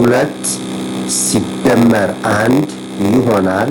ሁለት ሲደመር አንድ ይሆናል